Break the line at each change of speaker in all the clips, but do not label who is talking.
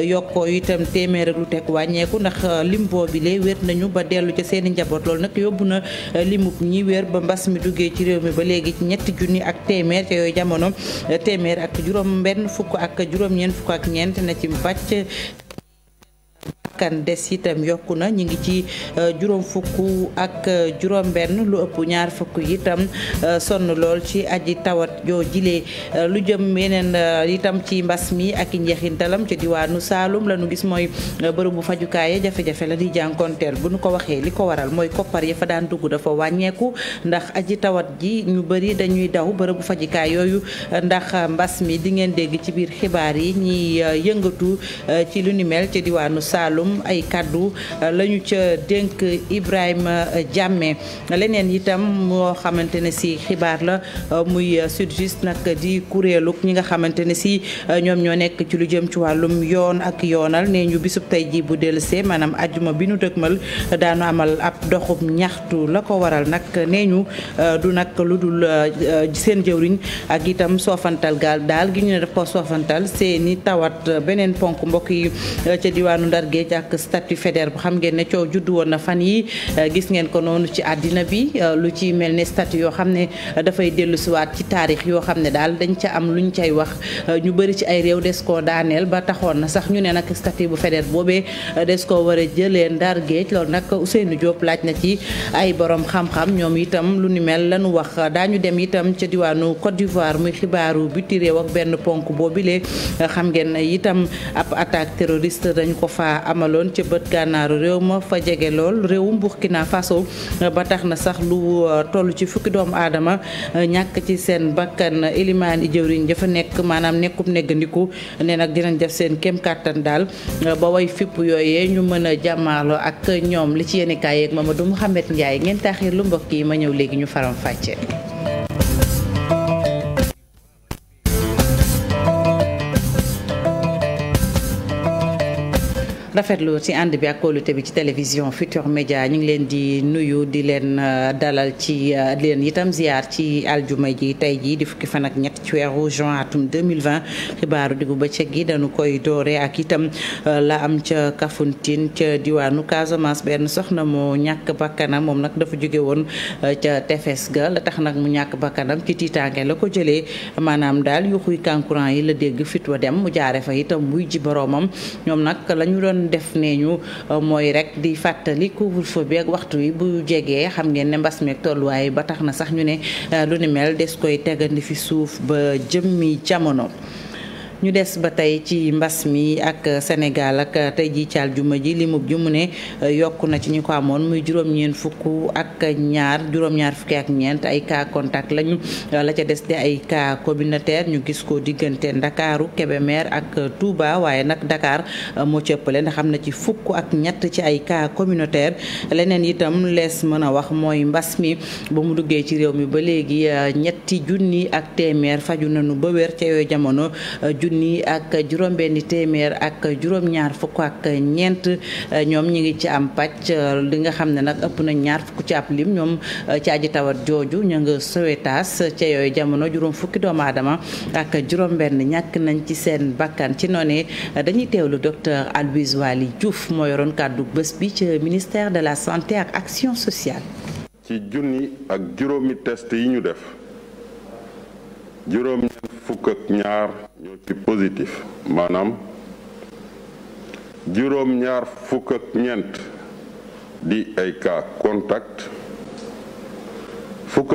yokkoo itam téeméer ak lu teg wàññeeku ndax euh, lim boobu lee wér nañu ba dellu ca seeni i njaboot loolu nag yóbbu na euh, limub ñi wér ba mbas mi duggee ci réew mi ba léegi ci ñetti junni ak téeméer ca yooyu jamono euh, téeméer ak juróom benn fukk ak juróom-ñeent fukk ak ñeent na ci bàcc bakkan des itam yokku na ñu ngi ci euh, juróom fukk ak euh, juróom benn lu ëpp ñaar fukk itam euh, sonn lool ci aji tawat joo jilee lu jëm yeneen itam ci mbas mi ak i njeexintalam ci diwaanu Saalum la nu gis mooy bërëbu fajukaay jafe-jafe la di jànkonteel bu nu ko waxee li ko waral mooy koppar ya fa daan dugg dafa wàññeeku ndax aji tawat ji ñu bëri dañuy daw bërëbu fajukaay yooyu ndax mbas mi di dégg ci biir xibaar yi ñiy yëngatu ci lu ni mel ci diwaanu Saalum itam ay kàddu euh, la ñu ca dénk Ibrahima Diame euh, leneen itam moo xamante ne si xibaar la euh, muy Sudjust nag di kuréelu ñi nga xamante ne si ñoom ñoo nekk ci lu jëm ci wàllum yoon ak yoonal nee ñu bisub tey ji bu dellusee maanaam ajjuma bi nu dëgmal daanu amal ab doxub ñaxtu la ko waral nag nee ñu du nag lu dul seen jëwriñ ak itam soofantal gaal daal gi ñu ne daf ko soofantal seeni tawat beneen ponk mbokk ca diwaanu Ndar ak statut fédère bu xam ngeen ne coow juddu woon na fan yi euh, gis ngeen ko noonu ci àddina bi euh, lu ci mel ne statut yoo xam ne euh, dafay dellusiwaat ci taarix yoo xam ne daal dañ ca am lu ñu cay wax ñu bëri ci ay réew des ko daaneel ba taxoon na sax ñu ne nag statut bu fédère boobee des koo war a jëlee ndar géej loolu nag Ousseynou Diop laaj na ci ay boroom xam-xam ñoom itam lu nu mel lañu wax daañu dem itam ca diwaanu Côte d'Ivoire muy xibaaru biti réew ak benn ponk boobile xam ngeen amaloon ca bët gànnaaru réew ma fa jege lool réewu réewum Burkina Faso ba tax na sax lu uh, toll ci fukki doomu aadama uh, ñàkk ci seen bakkan ilimaan i jëwriñ dafa nekk maanaam nekkum neggandiku ne nag dinañ def seen kem kàttan daal uh, ba way fipp yooye ñu mën a jàmmaarloo ak ñoom li ci yéenekaay yeeg Mamadou Mouhamed Ndiaye ngeen taaxir lu mbokk yi ma ñëw léegi ñu faram fàcce rafetlu ci ànd bi ak kóolute bi ci télévision Futur Média ñu ngi leen di nuyu di leen euh, dalal ci euh, di leen itam ziar ci aljuma ji tey jii di fukki fan ak ñett ci weeru juin atum 2020 xibaaru diggu bëccëg gi dañu koy doore ak itam euh, la am ca Kafountine ca diwaanu Casamance benn soxna mu ñàkk bakkanam moom nag dafa jóge woon ca tefes ga la tax nag mu ñàkk bakkanam ci tiitaange la ko jëlee maanaam daal yuxuy kankuran yi la dégg fit dem mu jaare fa itam muy ji boroomam def nee ñu euh, mooy rek di fàttali couvre-feu ak waxtu wi bu jegee xam ngeen ne mbas meeg tolluwaay ba tax na sax ñu ne euh, lu ni mel des koy tegandi fi suuf ba jëmmi jamono. ñu des ba tey ci mbas mi ak euh, Sénégal ak euh, tey ji caal juma ji li mub ji mu ne euh, yokk na ci ñu ko amoon muy juróom-ñeent fukk ak ñaar juróom-ñaar fukki ak ñeent ay cas contact la ca des di ay cas communautaire ñu gis ko diggante Ndakaaru Kébémer ak Touba waaye nag Dakar moo ci ëppale ndax am na ci fukk ak ñett ci ay kaa communautaire leneen itam lees mën a wax mooy mbas mi ba mu duggee ci réew mi ba léegi ñetti junni ak téeméer faju nañu ba wér ca yooyu jamono junni ak juróom-benni téeméer ak juróom-ñaar fukk ak ñeent ñoom ñi ngi ci am pàcc li nga xam ne nag ëpp nañ ñaar fukk ci ab lim ñoom ci aji tawat jooju ñu nga Sowetaas ca yooyu jamono juróom fukki doomu aadama ak juróom-benn ñàkk nañ ci seen bakkan ci noonee dañuy teewlu docteur Aloyse Waly Diouf moo yoroon kàddu bës bi ci ministère de la santé ak action
sociale. ci junni ak juróomi test yi ñu def. juróom ñeent fukk maanaam juróom di ay cas contact fukk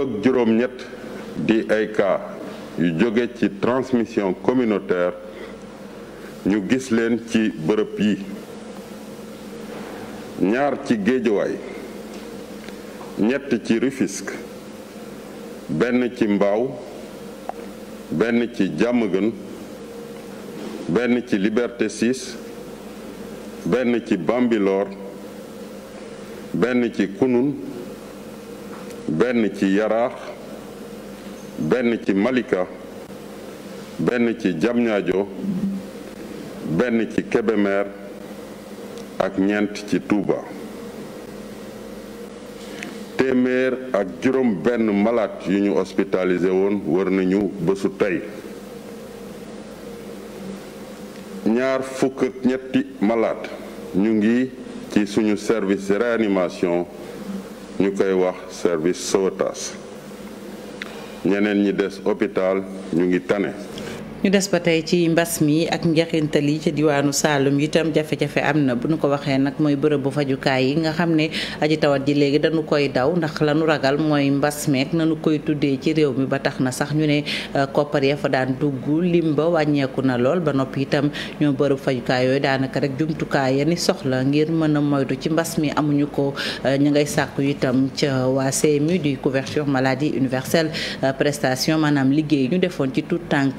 di ay cas yu jóge ci transmission communautaire ñu gis leen ci bërëb yi ñaar ci géejawaay ñett ci Rufisque benn ci mbaaw benn ci jàmm benn ci liberté benn ci bambilor benn ci kunun benn ci yaraax benn ci malika benn ci jamñaajo benn ci kebemer ak ñeent ci tuuba téeméer ak juróom benn yu ñu hospitalisé woon wër nañu bésu tey ñaar fukk ñetti malade ñu ngi ci suñu service réanimation ñu koy wax service sauvetage ñeneen ñi des hôpital ñu ngi tane
ñu des ba tey ci mbas mi ak njeexintal yi ci diwaanu Saalum itam jafe-jafe am na bu ñu ko waxee nag mooy bërëb fajukaay yi nga xam ne aji tawat ji léegi dañu koy daw ndax lanu ragal mooy mbas meek nanu koy tuddee ci réew mi ba tax na sax ñu ne euh, koppar ya fa daan dugg lim ba wàññeeku na lool ba noppi itam ñoo bërëb fajukaay yooyu daanaka rek jumtukaay ya ni soxla ngir mën a moytu ci mbas mi amuñu ko euh, ñu ngay sàkku itam ca waa CMU du couverture maladie universelle euh, maanaam liggéey defoon ci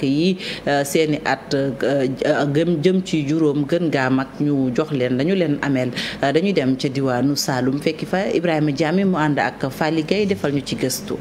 yi Euh, seeni at euh, gëm jëm ci juróom gën gaa mag ñu jox leen dañu leen ameel euh, dañuy dem ca diwaanu Saalum fekki fa Ibrahima Diame mu ànd ak Fally Gueye defal ñu ci gëstu.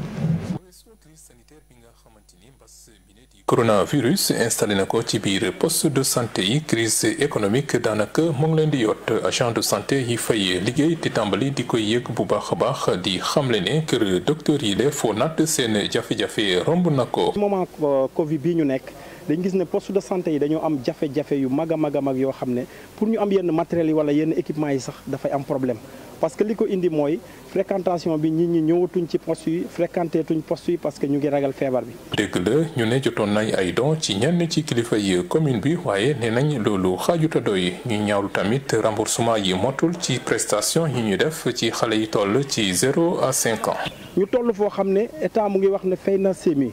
coronavirus installé na ko ci biir post de santé yi crise économique daanaka mu ngi leen di yott agent de santé yi fay liggéey di tàmbali di koy yëg bu baax a baax di xamle ne kër docteur yi le foo natt seen jafe-jafe romb na ko. moment
euh, Covid bi ñu nekk. dañ gis ne post de santé yi dañoo am jafe-jafe yu mag a mag a mag yoo xam ne pour ñu am yenn matériels yi wala yenn équipement yi sax dafay am problème parce que li ko indi mooy fréquentation bi nit ñi ñëwatuñ ci poste yi fréquenté post yi parce que ñu ngi ragal feebar bi.
dégg la ñu ne jotoon nañ ay don ci ñenn ci kilifa yi commune bi waaye nee nañ loolu xaajuta doy ñu ñaawlu tamit remboursement yi motul ci prestation yi ñu def ci xale yi toll ci zéro à cinq
ñu toll foo xam ne état mu ngi wax ne fay na semi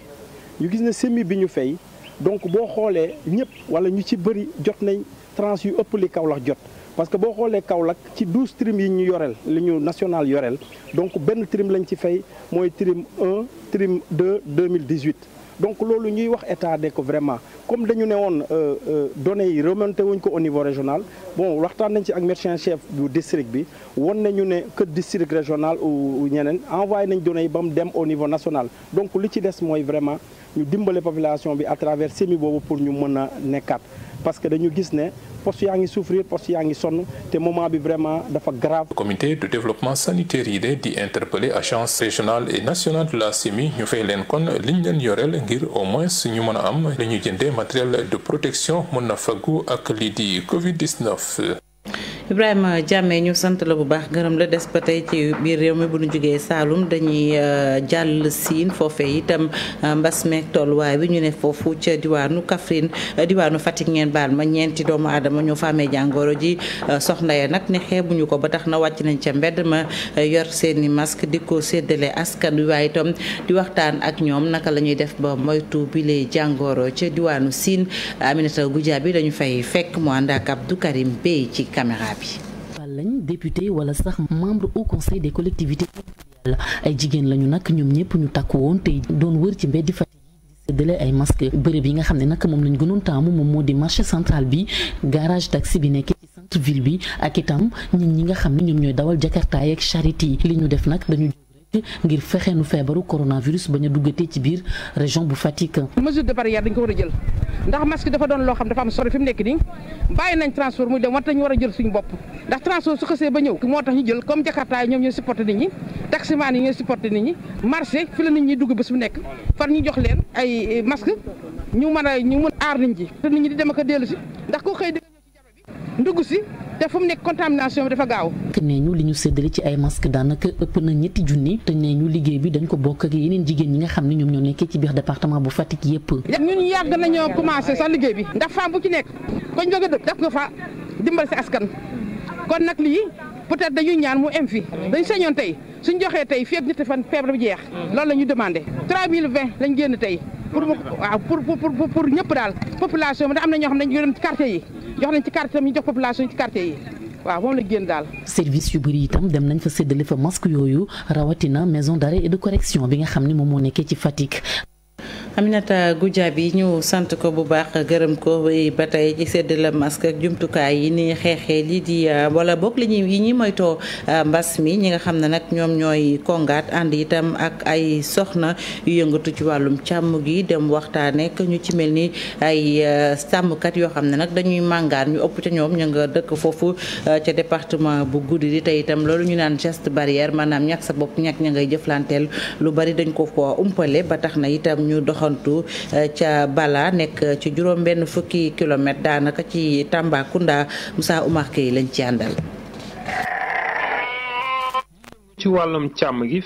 ñu gis ne semi bi ñu fay donc boo xoolee ñëpp wala ñu ci bëri jot nañ tranche yu ëpp li Kaolack jot. parce que boo xoolee Kaolack ci douze trim yi ñu yoreel li ñu national yoreel donc benn trim lañ ci fay mooy trim 1 trim 2 2018 donc loolu ñuy wax état de ko vraiment comme dañu ne woon euh, euh, données yi remonté wuñ ko au niveau régional bon waxtaan nañ ci ak médecin chef bu district bi won nañu ne que district régional ou ñeneen envoyé nañ données yi ba mu dem au niveau national donc li ci des mooy vraiment ñu dimbale population bi à travers semi boobu pour ñu mën a nekkaat parce que dañu gis ne poste yaa ngi souffrir poste yaa ngi sonn te moment bi vraiment dafa grave.
comité de développement sanitaire yi de di interpeller agence régionale et nationale de la CIMI ñu fay leen kon liñ leen yoreel ngir au moins ñu mën a am li ñu jëndee matériel de protection mën na faggu ak lii di Covid 19.
Ibrahima Diamé ñu sant la bu baax gërëm la des ba tey ci biir réew mi bu ñu jugee Saalum dañuy euh, jàll siin foofee itam euh, mbas tollu tolluwaay bi ñu ne foofu ca diwaanu Kaffrine euh, diwaanu Fatick ngeen baal ma ñeenti doomu aadama ñoo fa amee ji soxna ya nag ne xeebuñu ko ba tax na wàcc nañ ca mbedd ma yor seeni masque di ko séddale askan wi itam di waxtaan ak ñoom naka la ñuy def ba moytu bile jàngoro ca diwaanu Sine Aminata Goudia bi dañu fay fekk mu ànd ak Abdou Karim Bey ci caméra bi.
lañ député wala sax membre au conseil des collectivités territoriales ay jigéen lañu nag ñoom ñëpp ñu takku woon te doon wër ci mbedd Fatick yi di séddale ay masque bërëb yi nga xam ne nag moom lañ gënoon taamu moom moo di marché central bi garage taxi bi nekk ci centre ville bi ak itam ñun ñi nga xam ne ñoom ñooy dawal jakartaay ak charité yi li ñu def nag dañu ngir fexe feebaru coronavirus bañ a duggatee ci biir région bu Fatick.
mesure de barrière dañ ko war a jël ndax masque dafa doon loo xam dafa am solo fi nekk nii bàyyi nañ transport muy dem wante ñu war a jël suñu bopp ndax transport su xasee ba ñëw. moo tax ñu jël comme Jakarta yi ñoom ñooy nit ñi taximaan yi ñooy supporté nit ñi marché fi la nit ñi dugg bés bu nekk far ñu jox leen ay masque ñu mën aar nit ñi. di dem ak a ndax ku ndugg si te fu mu nekk contamination bi dafa gaaw.
nee ñu li ñu séddale ci ay masque daanaka ëpp na ñetti junni te nee ñu liggéey bi dañ ko bokk ak yeneen jigéen ñi nga xam ne ñoom ñoo nekkee ci biir département bu Fatick yépp
ñun yàgg nañoo commencé sax liggéey bi ndax femme bu ci nekk koñ bëgg a dëkk daf nga fa dimbal si askan kon nag lii peut-être dañuy ñaan mu am fi dañ sañoon tey suñ joxee tey fii ak ñetti fan feebar bi jeex loolu la ñu demandé 3020 lañ génn tey pour waaw pour pour pour ñëpp daal population bi am na ñoo xam ne jox nañ ci quartier tam ñu jox population yi ci quartier yi waaw moom la génn daal.
service yu bëri itam dem nañ fa séddale fa masque yooyu rawatina maison d'arrêt et de correction bi nga xam ne moom moo nekkee ci Fatick.
Aminata
Goudiaby ñu sant ko bu baax gërëm ko ba tey ci séddale masque ak jumtukaay yi ni xeexee lii di euh, wala boog li ñuy yi ñi moytoo euh, mbas mi ñi nga xam ne nag ñoom ñooy kongaat ànd itam ak ay soxna yu ci wàllum càmm gi dem waxtaanee ñu ci mel ni ay euh, sàmmkat yoo xam ne nag dañuy màngaan ñu ëpp ca ñoom ñu nga dëkk foofu ca département bu guddi di tey itam loolu ñu naan geste barrière maanaam ñàkk sa bopp ñàkk ña ngay jëflanteel lu bari dañ ko ko umpale ba tax na itam ñu dox doxantu eh, ca Bala nekk eh, ci juróom benn fukki kilomètre daanaka ci Tambacounda
Moussa Oumar Keye lañ ci àndal ci wàllum càmm gi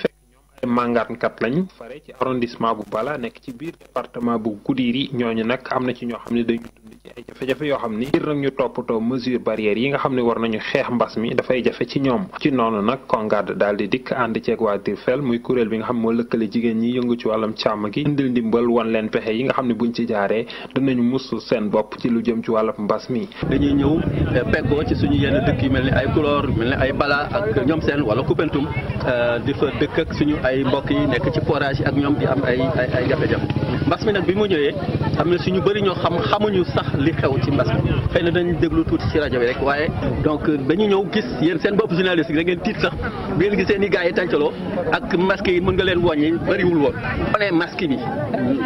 màngaankat lañ fare ci arrondissement bu Bala nekk ci biir département bu Goudiri ñooñu nag am na ci ñoo xam ne dañu dund ci ay jafe yoo xam ni ngir nag ñu toppatoo mesure barrière yi nga xam ne war nañu xeex mbas mi dafay jafe ci ñoom ci noonu nag Kongad daal di dikk ànd ceeg waa Dirfel muy kuréel bi nga xam moo lëkkale jigéen ñi yëngu ci wàllam càmm gi indil ndimbal wan leen pexe yi nga xam ne buñ ci jaaree danañu musu seen bopp ci lu jëm ci wàllam mbas mi. dañuy ñëw eh,
peggoo ci suñu yenn dëkk yi mel ni ay Kulor mel ni ay Bala ak ñoom seen wala Koupentoum eh, di fa suñu ay mbokk yi nekk ci forage yi ak ñoom di am ay ay ay jafe-jafe mbas mi nag bi mu ñëwee am na ñu bëri ñoo xam xamuñu sax li xew ci mbas mi xëy na dañu déglu tuuti ci rajo bi rek waaye donc dañu ñëw gis yéen seen bopp journaliste yi da ngeen tiit sax bi ngeen gisee ni gars yi tàncaloo ak masque yi mën nga leen wàññi bëriwul woon. bu masque bi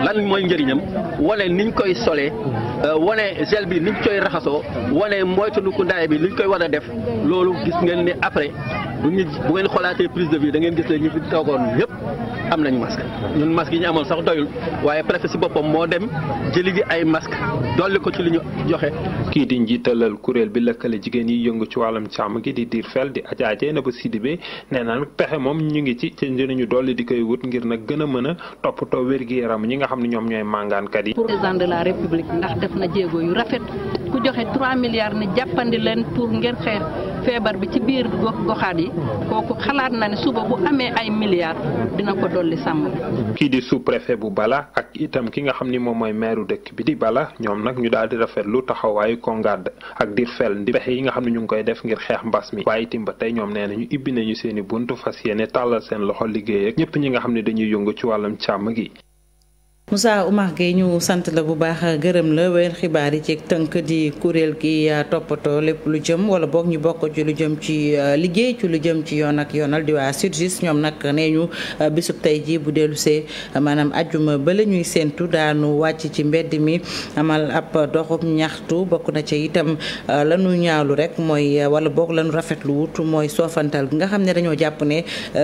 lan mooy njëriñam wane niñ koy solee euh, wane gel bi niñ koy raxasoo wane ku ndaay bi liñ koy war a def loolu gis ngeen ne après bu ñu bu ngeen xoolaatee prise de vue da ngeen gis ne ñi fi toogoon ñëpp am nañ masque ñun masque yi ñu amoon sax doyul waaye préfet si boppam moo
dem jëli ay masque dolli ko ci li ñu joxe. kii di njiitalal kuréel bi lëkkale jigéen yi yëngu ci wàllum càmm gi di diir fel di ajaaje na ba Sidibé nee na pexe moom ñu ngi ci ci njëriñu dolli di koy wut ngir na gën a mën a toppatoo wér-gi-yaram ñi nga xam ne ñoom ñooy màngaankat yi.
président de la république ndax def na jéego yu rafet. joxe 3 milliards ne jàppandi leen pour ngir xeex feebar bi ci biir goxaat yi kooku xalaat na ne suba bu amee ay milliards dina ko dolli sàmm.
kii di sous préfet bu Bala ak itam ki nga xam ni moom mooy maire dëkk bi di Bala ñoom nag ñu daal di lu taxawaayu Kongad ak dir fel di pexe yi nga xam ne ñu ngi koy def ngir xeex mbas mi waaye itam tey ñoom nee nañu ibbi nañu seen i buntu fas yéene tàllal seen loxo liggéey ak ñëpp ñi nga xam ne dañuy yëngu ci wàllum càmm gi.
Moussa Oumar Gueye ñu sant la bu baax gërëm la wér xibaar yi ci tënk di kuréel gi euh, toppatoo lépp lu jëm wala boog ñu bokk ci lu jëm ci euh, liggéey ci lu jëm ci yoon ak yoonal di waa SYTJUST ñoom nag nee ñu euh, bisub tey jii bu dellu see maanaam ajjuma ba la ñuy séentu daanu wàcc ci mbedd mi amal ab doxub ñaxtu bokk na ci itam lanu ñaawlu rek mooy wala boog lanu rafetlu wut mooy soofantal gi nga xam ne dañoo jàpp ne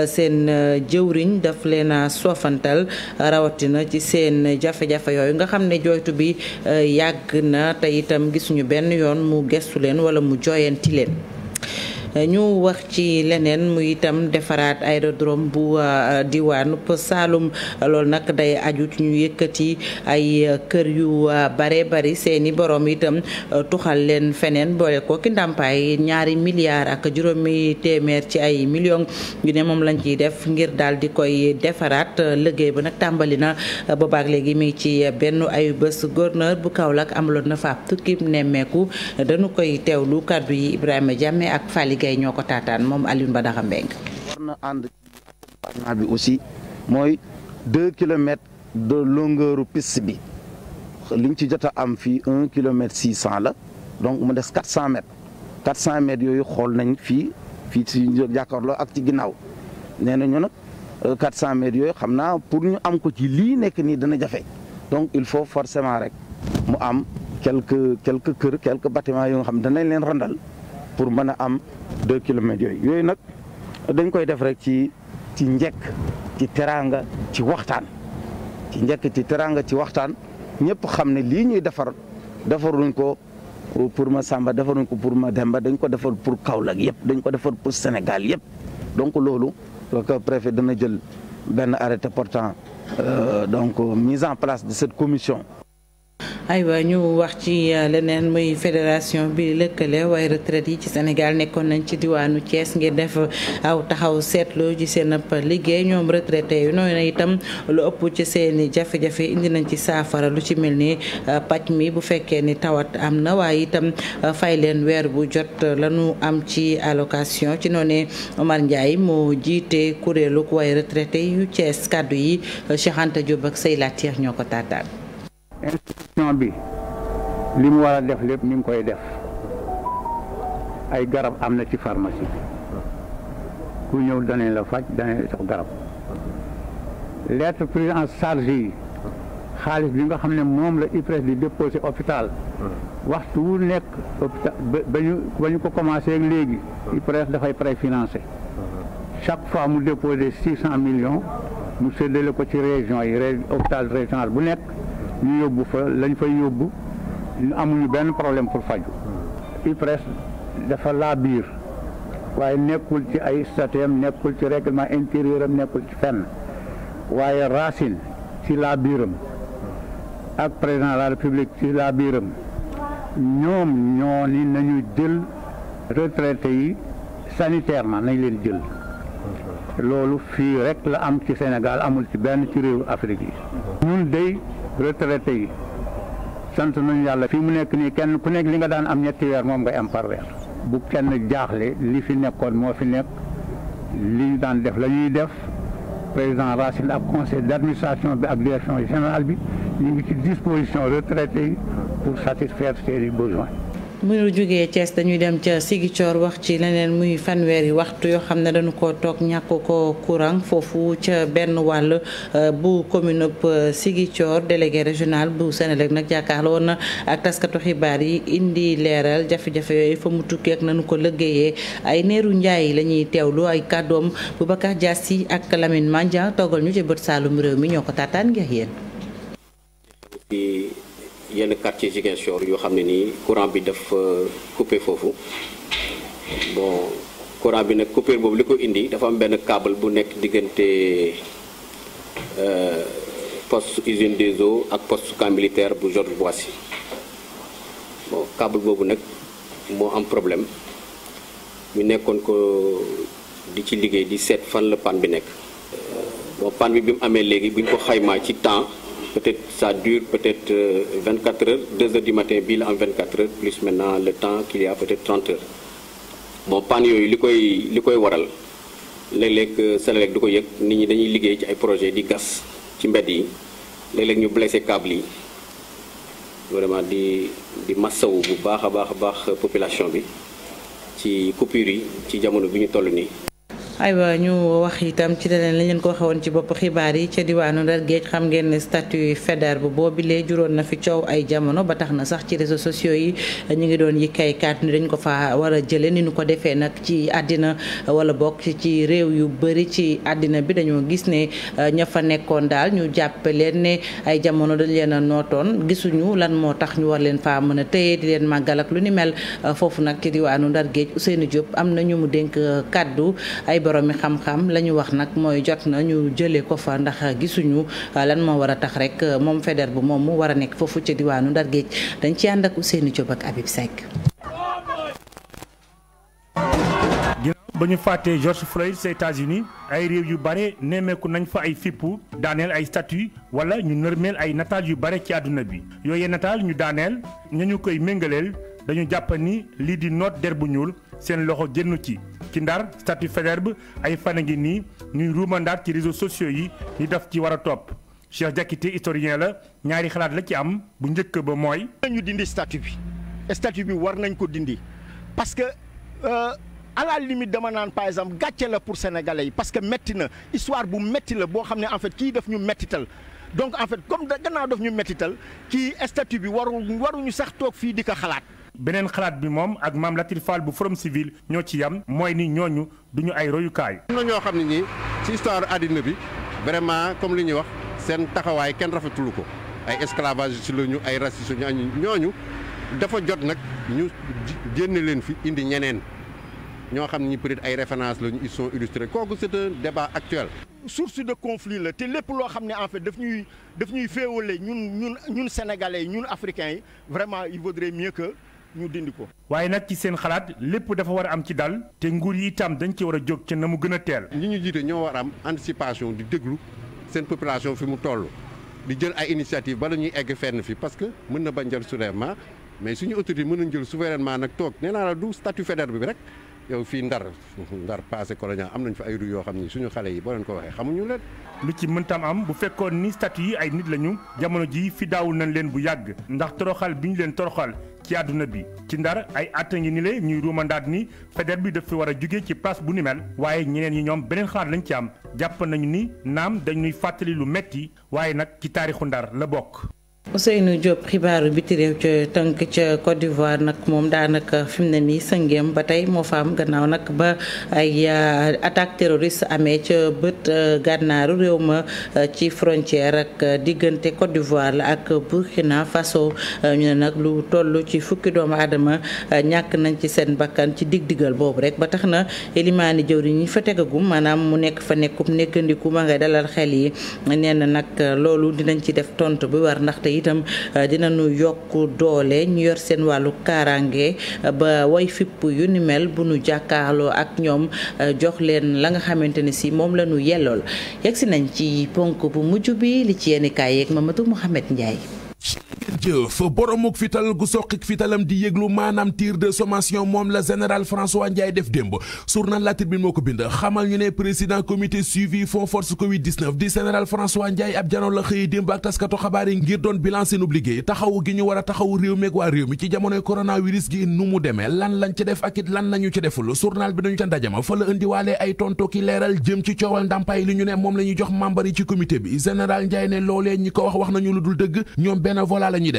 seen jëwriñ daf leen soofantal rawatina ci seen seen jafe-jafe yooyu nga xam ne jooytu bi euh, yàgg na tey itam gisuñu benn yoon mu gëstu leen wala mu jooyanti leen ñu wax ci leneen muy itam defaraat aérodrome bu euh, diwaanu Saalum loolu nag day aju ci ñu yëkkati ay kër yu euh, bare bari seeni borom itam euh, tuxal leen feneen boole ko ki ndàmpaay ñaari milliards ak juróomi téeméer ci ay millions ñu ne moom lañ ciy def ngir daal di koy defaraat liggéey ba nag tàmbali na boobaak léegi mi ci benn ayu bés gouverneur bu Kaolack amaloon na faab tukki nemmeeku dañu koy teew lu kàddu yi Ibrahima Jàmme ak Fali Gaye ñoo ko taataan moom Alioune Badara Mbengue war
na ànd
accompagnement bi aussi mooy deux kilomètres de longueur piste bi liñ ci jot a am fii un kilomètre six cent la donc mu des quatre cent mètres quatre cent mètres yooyu xool nañ fii fii ci jàkkaarloo ak ci ginnaaw nee na ñu nag euh, quatre cent mètres yooyu xam naa pour ñu am ko ci lii nekk nii dana jafe donc il faut forcément rek mu am quelques quelques kër quelques bâtiments yoo nga xam danañ leen randal pour mën a am de kilomètres yooyu yooyu nag dañ koy def rek ci ci njëkk ci teraanga ci waxtaan ci njëkk ci teraanga ci waxtaan ñëpp xam ne lii ñuy defar defaruñ ko pour ma Samba defaruñ ko pour ma Demba dañ ko defar pour Kaolack yëpp dañ ko defar pour Sénégal yëpp donc loolu que préfet dana jël benn arrêté portant euh, donc euh, mise en place de cette commission
aywa ñu wax ci euh, leneen muy fédération bi lëkkale waaye retraité yi ci Sénégal nekkoon nañ ci diwaanu cees ngir def aw taxaw seetlu ji seen ab liggéey ñoom retraité yu noonu itam lu ëpp ci seeni jafe-jafe indi nañ ci saafara lu ci mel ni euh, paj mi bu fekkee ni tawat am na waaye itam euh, fay leen weer bu jot lañu am ci allocation ci noonu Omar Ndiaye moo jiite kuréelu waaye retraité yu Thiès kàddu yi Cheikh Anta ak ak Seylatir ñoo ko taataan
institution bi li mu war a def lépp mi ngi koy def ay garab am na ci pharmacie ku ñëw danañ la faj danañ la jox garab lettre prise en charge yi xaalis bi nga xam ne moom la IPRES di déposé hopital waxtu wu nekk hôpital ba ba ñu ko commencé léegi IPRES dafay préfinancé chaque fois mu déposé six cent millions mu séddale ko ci région yi hôpital régional bu nekk ñu yóbbu fa lañu fay yóbbu amuñu benn problème pour faju IPRES dafa laa biir waaye nekkul ci ay statut am nekkul ci règlement intérieur am nekkul ci fenn waaye Racine ci laa biiram ak président de la république ci laa biiram ñoom ñoo ni nañu jël retraité yi sanitairement nañ leen jël loolu fii rek la am ci Sénégal amul ci benn ci réewu Afrique yi ñun day retraité yi sant nañu yàlla fi mu nekk nii kenn ku nekk li nga daan am ñetti weer moom ngay am par bu kenn jaaxle li fi nekkoon moo fi nekk li daan def la ñuy def président Racine ak conseil d'administration bi ak direction générale bi ñu ngi disposition retraité yi pour satisfaire seeni besoins
bu ñu jógee Thiès dañuy dem ca Ziguinchor wax ci leneen muy fanweeri waxtu yoo xam ne dañu ko toog ñàkk ko courant foofu ca benn wàll euh, bu commune bu euh, Ziguinchor régional bu Sénélec nag jàkkaarloo na ak taskatu xibaar yi indi leeral jafe-jafe yooyu fa mu tukkee ak nañu ko liggéeyee ay neeru njaay lañuy ñuy teewlu ay kàddoom Boubacar Diassi ak Lamine Mandia toggal ñu ci bët saalum réew mi ñoo ko taataan ngir yéen.
yenn quartier Ziguinchor yoo xam ne nii courant bi daf euh, coupé foofu bon courant bi nag coupé boobu li ko indi dafa am benn câble bu nekk diggante euh, poste usine des eaux ak post camp militaire bu Georges Boissy bon cable boobu nag moo am problème ñu nekkoon ko di ci liggéey di seet fan la panne bi nekk bon panne bi bi mu amee léegi buñ ko xaymaa ci temps peut-être ça dure peut-être 24 euh, heures 2 heures du matin bii la am 24 heures plus maintenant le temps qu'il y a peut-être 30 heures bon panne yooyu li koy li koy waral léeg-léeg euh, Senelec du ko yëg nit ñi dañuy liggéey ci ay projet di gas ci mbedd yi léeg-léeg ñu blessé câble yi vraiment di di massawu bu baax a baax a baax population bi ci coupure yi ci jamono bi ñu toll nii.
ay waa ñu wax itam ci leneen lañ leen ko waxee woon ci bopp xibaar yi ca diwaanu Ndar géej xam ngeen ne statut Faidherbe bu boobilee juróon na fi coow ay jamono ba tax na sax ci réseaux sociaux yi ñu ngi doon yikkay kaat ni dañu ko fa war a jëlee ni ñu ko defee nag ci àddina wala bokk ci réew yu bëri ci àddina bi dañoo gis ne eh, ña fa nekkoon daal ñu jàpp leen ne ay jamono dañ leen a nootoon gisuñu lan moo tax ñu war leen faa mën a téye di leen màggal ak lu ni mel eh, foofu nag ci diwaanu Ndar géej Ousseynou Diop am na ñu mu dénk eh, kàddu boromi xam-xam la ñu wax nag mooy jot na jëlee ko fa ndax gisuñu lan moo war a tax rek moom feder bu moom mu war a nekk foofu ca diwaanu Ndar dañ ci ànd ak Ousseynou Diop ak Habib Seck.
ba ñu fàttee George Floyd sa états ay réew yu bare nemmeeku nañ fa ay fippu daaneel ay statue wala ñu nërmeel ay nataal yu bare ci àdduna bi yooyee nataal ñu daaneel ña koy méngaleel dañu jàpp ni lii di noot der bu ñuul seen loxo génn ci ci ndar statut Faidherbe ay fan a ngi nii ñuy ruumandaat ci réseau sociaux yi ñu def ci war a topp Cheikh Diakité historien la ñaari xalaat la ci am bu njëkk ba mooy. nañu dindi bi statut bi war nañ ko dindi parce que
euh, à la limite dama naan par exemple gàcce la pour sénégalais yi parce que metti na histoire bu metti la boo xam ne en fait kii daf ñu mettital. donc en fait comme gannaaw daf ñu mettital
kii statut bi waru waruñu sax toog fii di ko xalaat. beneen xalaat bi moom ak maam Latir Fall bu forum civil ñoo ci yam mooy ni ñooñu duñu ay royukaay. na ñoo xam ne nii ci histoire
àddina bi vraiment comme li ñuy wax seen taxawaay kenn rafetulu ko ay esclavage si la ñu ay raciste ñu añu ñooñu dafa jot nag ñu jénne leen fi indi ñeneen ñoo xam ne peut-être ay référence la ñu ils sont kooku c'est un débat actuel.
source
de conflit la te lépp loo xam ne en fait daf ñuy daf ñuy féewale ñun ñun ñun sénégalais ñun africains yi vraiment il vaudrait ñu dindi ko.
waaye nag ci seen xalaat lépp dafa war a am ci dal te nguur yi itam dañ ci war a jóg ca na mu gën a teel. ñi ñu jiite ñoo war a am
anticipation di déglu seen population fi mu toll di jël ay initiative bala ñuy egg fenn fi parce que mën na bañ jël souverainement mais suñu autorité mën nañ jël souverainement nag toog nee naa la du statut
fédéral bi rek. yow fii ndar ndar passé colonial am nañ fa ay rue yoo xam ni suñu xale yi boo leen ko waxee xamuñu leen. lu ci mëntam am bu fekkoon ni statut yi ay nit lañu jamono jii fi daawul nañ leen bu yàgg ndax toroxal bi ñu leen toroxal ci àdduna bi ci ndar ay at ngi ni le ñuy ruumandaat ni fédère bi daf fi war a jóge ci place bu ni mel waaye ñeneen yi ñoom beneen xaar lañ ci am jàpp nañu ni naam dañuy fàttali lu metti waaye nag ci taarixu ndar la bokk.
Ousseynou Diop xibaaru biti réew ca tënk ca Côte d'Ivoire nag moom daanaka fi mu ne nii sëngeem ba tey moo fa am gannaaw nag ba ay euh, attaque terroriste amee ca bët euh, gànnaaru réew ma euh, ci frontière ak diggante Côte d'Ivoire la ak Burkina Faso ñu ne nag lu toll ci fukki doomu aadama ñàkk nañ ci seen bakkan ci dig boobu rek ba tax na limaani jëwri ñi fa tegagum maanaam mu nekk fa nekkum nekkandiku ma ngay dalal xel yi nee na nag loolu dinañ ci def tontu bi war itam euh, dinañu yokk doole ñu yor seen wàllu kaaraange euh, ba woy fipp yu ni mel bu nu jàkkaarloo ak ñoom euh, jox leen la nga xamante ne si moom la ñu yellool yegg si nañ ci ponk bu mujj bi li ci yenn kaay yeeg Mamadou Mouhamed Ndiaye.
jëf boromuk fital gu soqik fitalam di yëglu maanaam tiir de sommation moom la général François Ndiaye def démb journal La Tribune moo ko bind xamal ñu ne président comité suivi fonds force covid 19 di général François Ndiaye ab janoo la xëy démb ak taskatu xabaar yi ngir doon bilan seenub liggéey taxawu gi ñu war taxawu réew meeg waa réew mi ci jamonoy coronavirus gi nu mu demee lan lañ ci def ak it lan lañu ci deful journal bi dañu ca ndajama fa la indiwaalee ay tonto ki leeral jëm ci coowal ndàmpaay li ñu moom la ñuy jox membre yi ci comité bi général Ndiaye wax wax nañu lu dul dëgg ñoom bénévolat la ñuy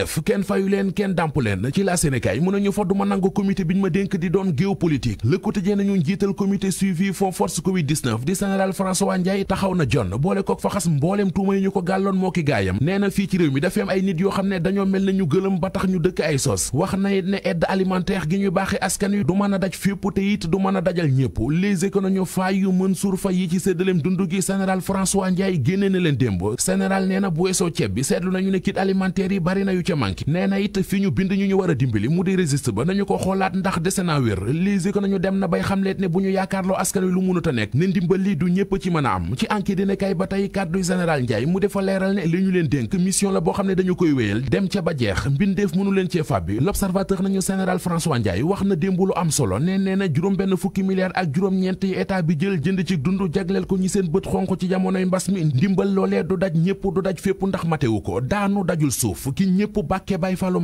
le quotidien nañu njiital comité suivi fond force covid 19 di général François Ndiaye taxaw na ñu ko gàlloon moo ki gaayam nee fii ci réew mi dafa ay nit yoo xam ne dañoo mel na ñu gëlëm ba tax ñu dëkk ay sos wax na ne aide alimentaire gi ñuy baaxee askan wi du mën a daj fépp te it du mën a dajal ñëpp les économies faay yu mën suur fa yi ci séddaleem dund gi général François Ndiaye génnee na leen démb général nee na bu weesoo ceeb bi seetlu nañu ne kit alimentaire ministères yi bari na yu ca manqué nee it ñu bind ñu ñu war a dimbali mu di registre ba nañu ko xoolaat ndax dese naa wér lisi nañu dem na bay xamleet ne bu ñu yaakaar loo wi lu mënut a nekk ne ndimbal lii du ñëpp ci mën a am ci enquête dina kay ba tey kàddu général Ndiaye mu defa leeral ne li ñu leen dénk mission la boo xam ne dañu koy wéyal dem ca ba jeex mbindeef mënu leen bi fàbbi l'observateur nañu général François Ndiaye wax na démb lu am solo ne nee na juróom benn fukki milliards ak juróom-ñeent yi jël jënd ci dund jagleel ko ñi seen bët xonk ci jamonoy mbas mi ndimbal loolee du daj ñëpp du daj fépp ndax matewu ko daanu dajul suuf suuf ki ñëpp bàkkee Baye Fallou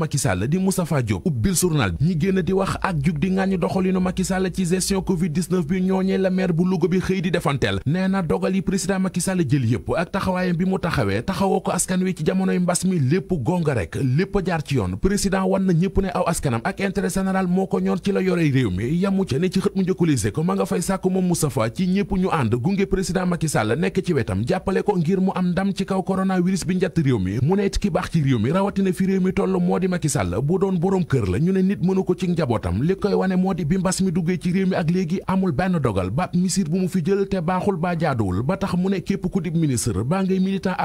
di Moustapha Diop ubbil journal bi ñi génn di wax ak jug di ŋàññi doxalinu Macky Sall ci gestion Covid 19 bi ñooñee la maire bu Louga bi xëy di defanteel nee na dogal yi président Macky Sall jël yëpp ak taxawaayam bi mu taxawee taxawoo ko askan wi ci jamonoy mbas mi lépp gonga rek lépp jaar ci yoon président wan na ñëpp ne aw askanam ak intérêt général moo ko ñor ci la yore réew mi yamu ca ne ci xët mu njëkkulise ko ma nga fay sàkk moom Moustapha ci ñëpp ñu ànd gunge président Macky Sall nekk ci wetam jàppale ko ngir mu am ndam ci kaw coronavirus bi njatt réew mi mu ne it ki baax réew mi rawatina fi réew mi toll moo di Macky Sall bu doon borom kër la ñu ne nit mënu ko ci njabootam li koy wane moo di bi mbas mi duggee ci réew mi ak léegi amul benn ba misir bu mu fi jël te baaxul baa jaaduwul ba tax mu ne képp ku di ministre baa ngay militant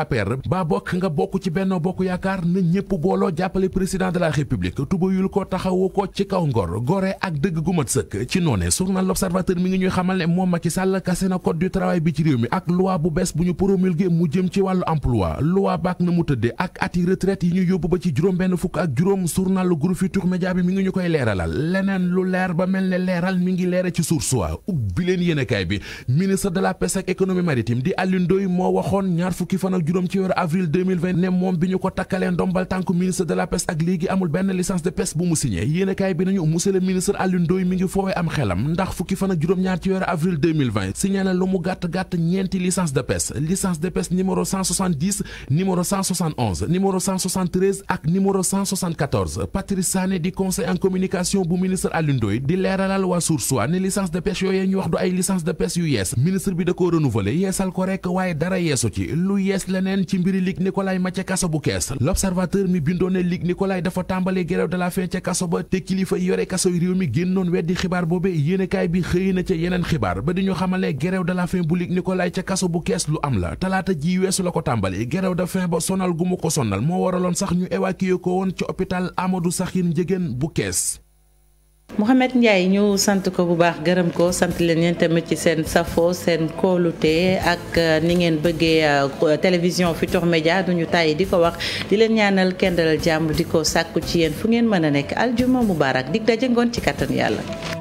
bokk nga bokk ci Benno Bokk Yaakaar na ñépp booloo jàppale président de la république tubayul ko taxawu ko ci kaw ngor gore ak dëgg gu mat sëkk ci noone journal L'Observateur mi ngi ñuy xamal ne moom Macky Sall kase na code du travail bi ci réew mi ak bu bees bu ñu promulgué mu jëm ci wàllu emploi loi baak na mu tëdde ak ati retraite enquête yi ñu yóbbu ba ci juróom benn fukk ak juróom journalu groupe Futurs Médias bi mi ngi ñu koy leeralal leneen lu leer ba mel ne leeral mi ngi leere ci Source ubbi leen yéenekaay bi ministre de la pêche ak économie maritime di Alioune moo waxoon ñaar fukki fan ak juróom ci weeru avril ne moom bi ñu ko takkalee ndombal tànku ministre de la pêche ak léegi amul benn licence de pêche bu mu signé yéenekaay bi nañu monsieur le ministre Alioune Ndoye mi ngi foowee am xelam ak numéro 174 di conseil en communication bu ministre Alioune di leeralal waa Source A ne de pêche yooyu ñu wax du ay licence de pêche yu yees ministre bi da ko renouveler yeesal ko rek waaye dara yeesu ci lu yees leneen ci mbiri Luc Nicolaï ma ca kaso bu kees l'observateur mi bindoon ne Luc Nicolaï dafa tàmbale grève de la faim ca kaso ba te kilifa yore kaso yu réew mi génnoon weddi xibaar boobe yéenekaay bi xëy na ca yeneen xibaar waraloon sax ñu évacué ko woon ci hôpital Amadou Sakhine Ndiéguène bu Kees.
Mouhamed Ndiaye ñu sant ko bu baax gërëm ko sant leen yéen tamit ci seen safo seen koolute ak euh, ni ngeen bëggee euh, télévision Futurs Médias duñu tàyyi di ko wax di leen ñaanal kenn dalal jàmm di ko sàkku ci yéen fu ngeen mën a nekk aljuma mubarak dig daje ngoon ci kattan yàlla.